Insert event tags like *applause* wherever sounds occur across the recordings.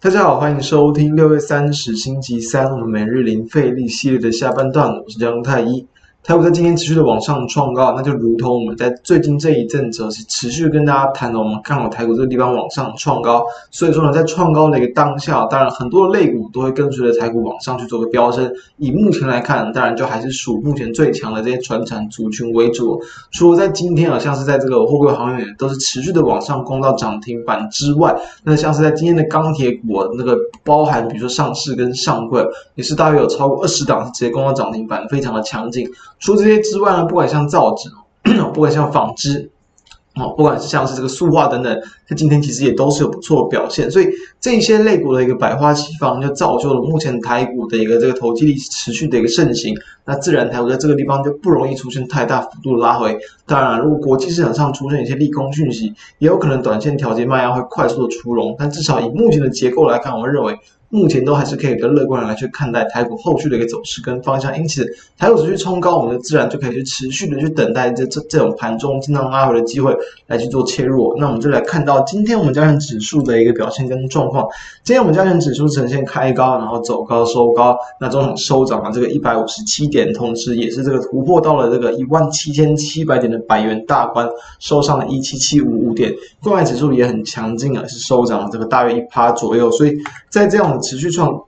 大家好，歡迎收聽六月三十星期三，我們每日零費力系列的下半段。我是江太一。台股在今天持續的往上創高，那就如同我們在最近這一陣子是持續跟大家談的，我們看好台股這個地方往上創高。所以說呢，在創高的一個當下，當然很多的類股都會跟隨着台股往上去做個飆升。以目前來看，當然就還是屬目前最強的這些傳產族群為主。除了在今天啊，像是在這個貨櫃行業都是持續的往上攻到漲停板之外，那像是在今天的鋼鐵股那個包含，比如說上市跟上櫃，也是大約有超過二十檔直接攻到漲停板，非常的強勁。除這些之外呢，不管像造紙， *coughs* 不管像紡織，哦，不管是像是這個塑化等等，它今天其實也都是有不錯的表現。所以這些類股的一個百花齊放，就造就了目前台股的一個這個投機力持續的一個盛行。那自然台股在這個地方就不容易出現太大幅度的拉回。當然，如果國際市場上出現一些利空訊息，也有可能短線調節賣壓會快速的出籠。但至少以目前的結構來看，我會認為。目前都還是可以比較樂觀的來去看待台股後續的一個走勢跟方向，因此台股持續衝高，我們的自然就可以去持續的去等待這這這種盤中震盪拉回的機會來去做切入。那我們就來看到今天我們加權指數的一個表現跟狀況，今天我們加權指數呈現開高，然後走高收高，那種收漲了、啊、這個一百五十七點，同時也是這個突破到了這個一萬七千七百點的百元大關，收上了一七七五五點，櫃買指數也很強勁啊，是收漲了這個大約一趴左右，所以在這樣。持續創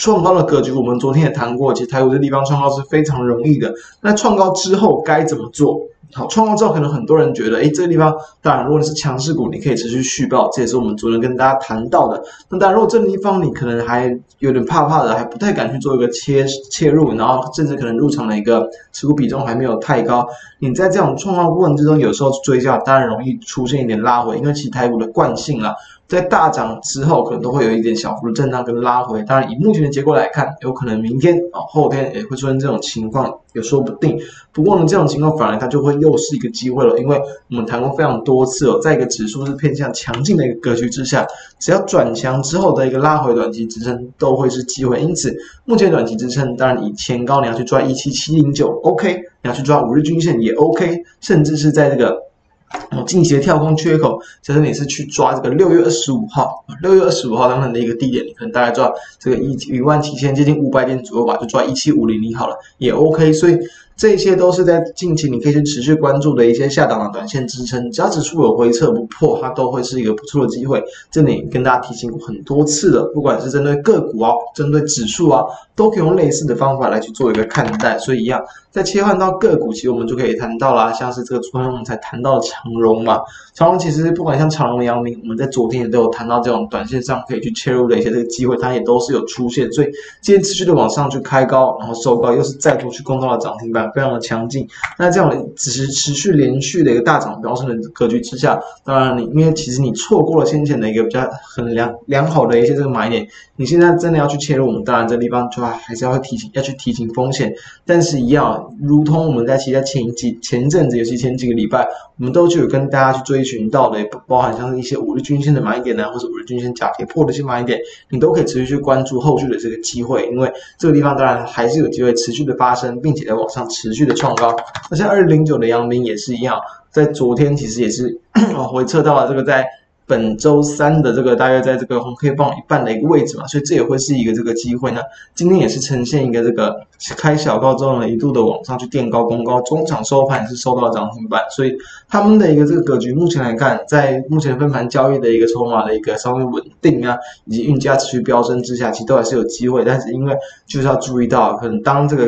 創高的格局，我們昨天也談過。其實台股這地方創高是非常容易的。那創高之後該怎麼做？好，創高之後可能很多人覺得，哎，這個地方當然，如果你是強勢股，你可以持續續，續抱。這也是我們昨天跟大家談到的。那當然，如果這個地方你可能還有點怕怕的，還不太敢去做一個切切入，然後甚至可能入場的一個持股比重還沒有太高。你在這種創高過程之中，有時候追加，當然容易出現一點拉回，因為其實台股的慣性啊。在大漲之後，可能都會有一點小幅的震盪跟拉回。當然，以目前的結果來看，有可能明天、哦、後天也會出現這種情況，也說不定。不過呢，這種情況反而它就會又是一個機會了，因為我們談過非常多次哦，在一個指數是偏向強勁的一個格局之下，只要轉強之後的一個拉回短期支撐都會是機會。因此，目前的短期支撐，當然以前高你要去抓一七七零九，OK，你要去抓五日均線也 OK，甚至是在這個。近期的跳空缺口，其實你是去抓這個六月二十五號，六月二十五號當中的一個低點，你可能大概抓這個一一萬七千接近五百點左右吧，就抓一七五零零好了，也 OK。所以這些都是在近期你可以去持續關注的一些下檔的短線支撐，只要指數有回撤不破，它都會是一個不錯的機會。這裡跟大家提醒過很多次了，不管是針對個股啊，針對指數啊，都可以用類似的方法來去做一個看待。所以一樣。在切換到個股，其實我們就可以談到了、啊，像是這個昨天我們才談到的長榮嘛，長榮其實不管像長榮、陽明，我們在昨天也都有談到這種短線上可以去切入的一些這個機會，它也都是有出現，所以今天持續的往上去開高，然後收高又是再度去攻到了漲停板，非常的強勁。那這樣只持持續連續的一個大漲飆升的格局之下，當然你因為其實你錯過了先前的一個比較很良良好的一些這個買點，你現在真的要去切入，我們當然這個地方就、啊、還是要提醒要去提醒風險，但是一樣、啊。如同我們在其他前幾前，前陣子，尤其前幾個禮拜，我們都有跟大家去追尋到的，包含像一些五日均線的買點呢、啊，或者五日均線假跌破的一些買點，你都可以持續去關注後續的這個機會，因為這個地方當然還是有機會持續的發生，並且在往上持續的創高。那像二零零九的陽明也是一樣，在昨天其實也是回測到了這個在。本週三的這個大約在這個紅黑棒一半的一個位置嘛，所以這也會是一個這個機會呢。今天也是呈現一個這個開小高之後呢，一度的往上去墊高攻高，中場收盤也是收到漲停板，所以他們的一個這個格局目前來看，在目前分盤交易的一個籌碼的一個稍微穩定啊，以及運價持續飆升之下，其實都還是有機會。但是因為就是要注意到，可能當這個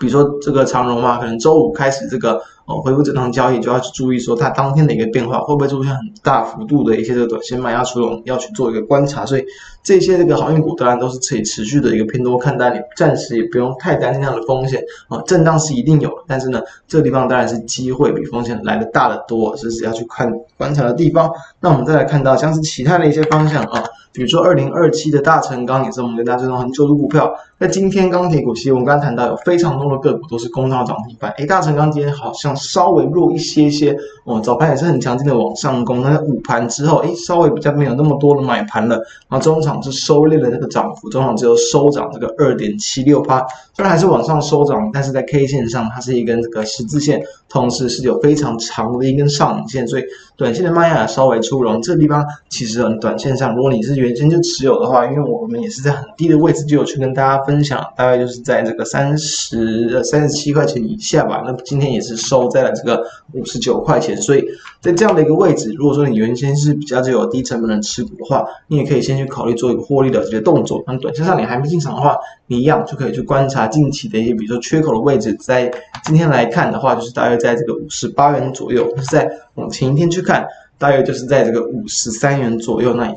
比如說這個長榮嘛，可能週五開始這個。恢復正常交易，就要去注意說，它當天的一個變化會不會出現很大幅度的一些這個短線賣壓，所以我們要去做一個觀察。所以這些這個航運股當然都是可以持續的一個偏多看待的，暫時也不用太擔心這樣的風險啊。震盪是一定有，但是呢，這個地方當然是機會比風險來的大得多，這是要去看觀察的地方。那我們再來看到像是其他的一些方向啊，比如說二零二七的大成鋼也是我們跟大家追蹤很久的股票。那今天鋼鐵股其實我們剛剛談到有非常多的個股都是攻上漲停板，誒，大成鋼今天好像是。稍微弱一些些哦，早盤也是很強勁的往上攻，那午盤之後，哎，稍微比較沒有那麼多的買盤了，然後中場是收斂了這個漲幅，中場只有收漲這個二點七六八。雖然還是往上收漲，但是在 K 線上它是一根這個十字線，同時是有非常長的一根上影線，所以短線的賣壓稍微出籠。這個地方其實很短線上，如果你是原先就持有的話，因為我們也是在很低的位置就有去跟大家分享，大概就是在這個三十呃三十七塊錢以下吧。那今天也是收在了這個五十九塊錢，所以。在這樣的一個位置，如果說你原先是比較有低成本的持股的話，你也可以先去考慮做一個獲利的這些動作。那短線上你還沒進場的話，你一樣就可以去觀察近期的一些，比如說缺口的位置。在今天來看的話，就是大約在這個五十八元左右；但是在往前一天去看，大約就是在這個五十三元左右那一帶。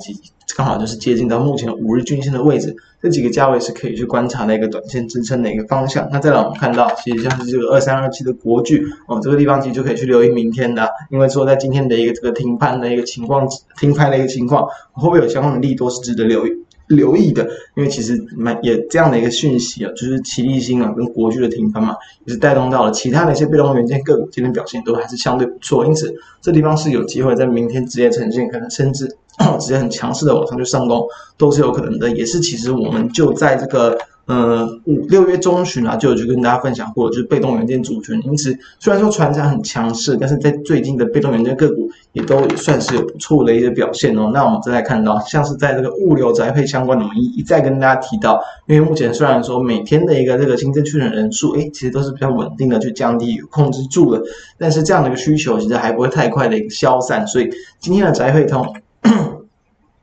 剛好就是接近到目前五日均線的位置，這幾個價位是可以去觀察的一個短線支撐的一個方向。那再來我們看到，其實像是這個二三二七的國巨，哦，這個地方其實就可以去留意明天的、啊，因為說在今天的一個這個停盤的一個情況，停盤的一個情況，會不會有相關的利多是值得留意留意的？因為其實蠻也這樣的一個訊息啊，就是奇力新啊跟國巨的停盤嘛，也是帶動到了其他的一些被動元件，個股今天表現都還是相對不錯，因此這地方是有機會在明天直接呈現可能升至。看看直接很強勢的往上去上攻都是有可能的，也是其實我們就在這個呃五六月中旬啊，就有去跟大家分享過，就是被動元件族群。因此，雖然說傳產很強勢，但是在最近的被動元件個股也都也算是有不錯的一個表現哦。那我們再來看到，像是在這個物流宅配相關的，我們一再跟大家提到，因為目前雖然說每天的一個這個新增確診人數，誒、欸、其實都是比較穩定的去降低有控制住了，但是這樣的一個需求其實還不會太快的一個消散，所以今天的宅配通。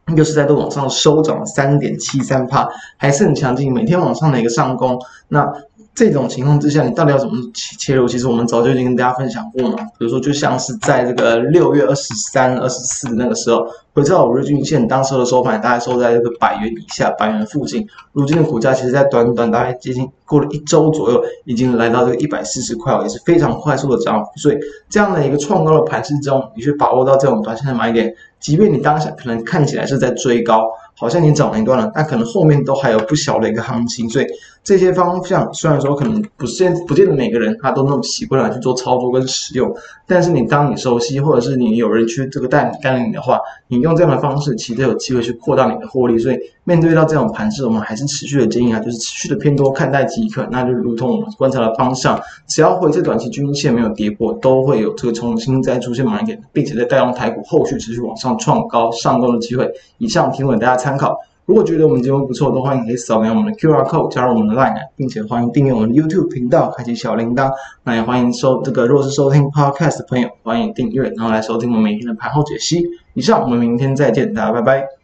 又、 *coughs* 就是在都往上收漲了三點七三帕，還是很強勁，每天往上的一個上攻。那這種情況之下，你到底要怎麼切入？其實我們早就已經跟大家分享過嘛。比如說，就像是在這個六月二十三、二十四那個時候，回到五日均線，當時的收盤大概收在這個百元以下、百元附近。如今的股價，其實在短短大概接近過了一周左右，已經來到這個一百四十塊，也是非常快速的漲幅。所以，這樣的一個創高的盤勢中，你去把握到這種短線的買點。即便你當下可能看起來是在追高。好像你漲了一段了，但可能後面都還有不小的一個行情，所以這些方向雖然說可能不見不見得每個人他都那麼習慣來去做操作跟使用，但是你當你熟悉，或者是你有人去這個帶領帶領你的話，你用這樣的方式其實就有機會去擴大你的獲利。所以面對到這種盤勢，我們還是持續的經營啊，就是持續的偏多看待即可。那就如同我們觀察的方向，只要回測短期均線沒有跌破，都會有這個重新再出現買點，並且再帶動台股後續持續往上創高上攻的機會。以上聽聞大家參考。參考，如果覺得我們節目不錯的話，都歡迎可以掃描我們的 QR code 加入我們的 Line，並且歡迎訂閱我們的 YouTube 頻道，開啟小鈴鐺。那也歡迎收這個若是收聽 Podcast 的朋友，歡迎訂閱，然後來收聽我們每天的盤後解析。以上，我們明天再見，大家拜拜。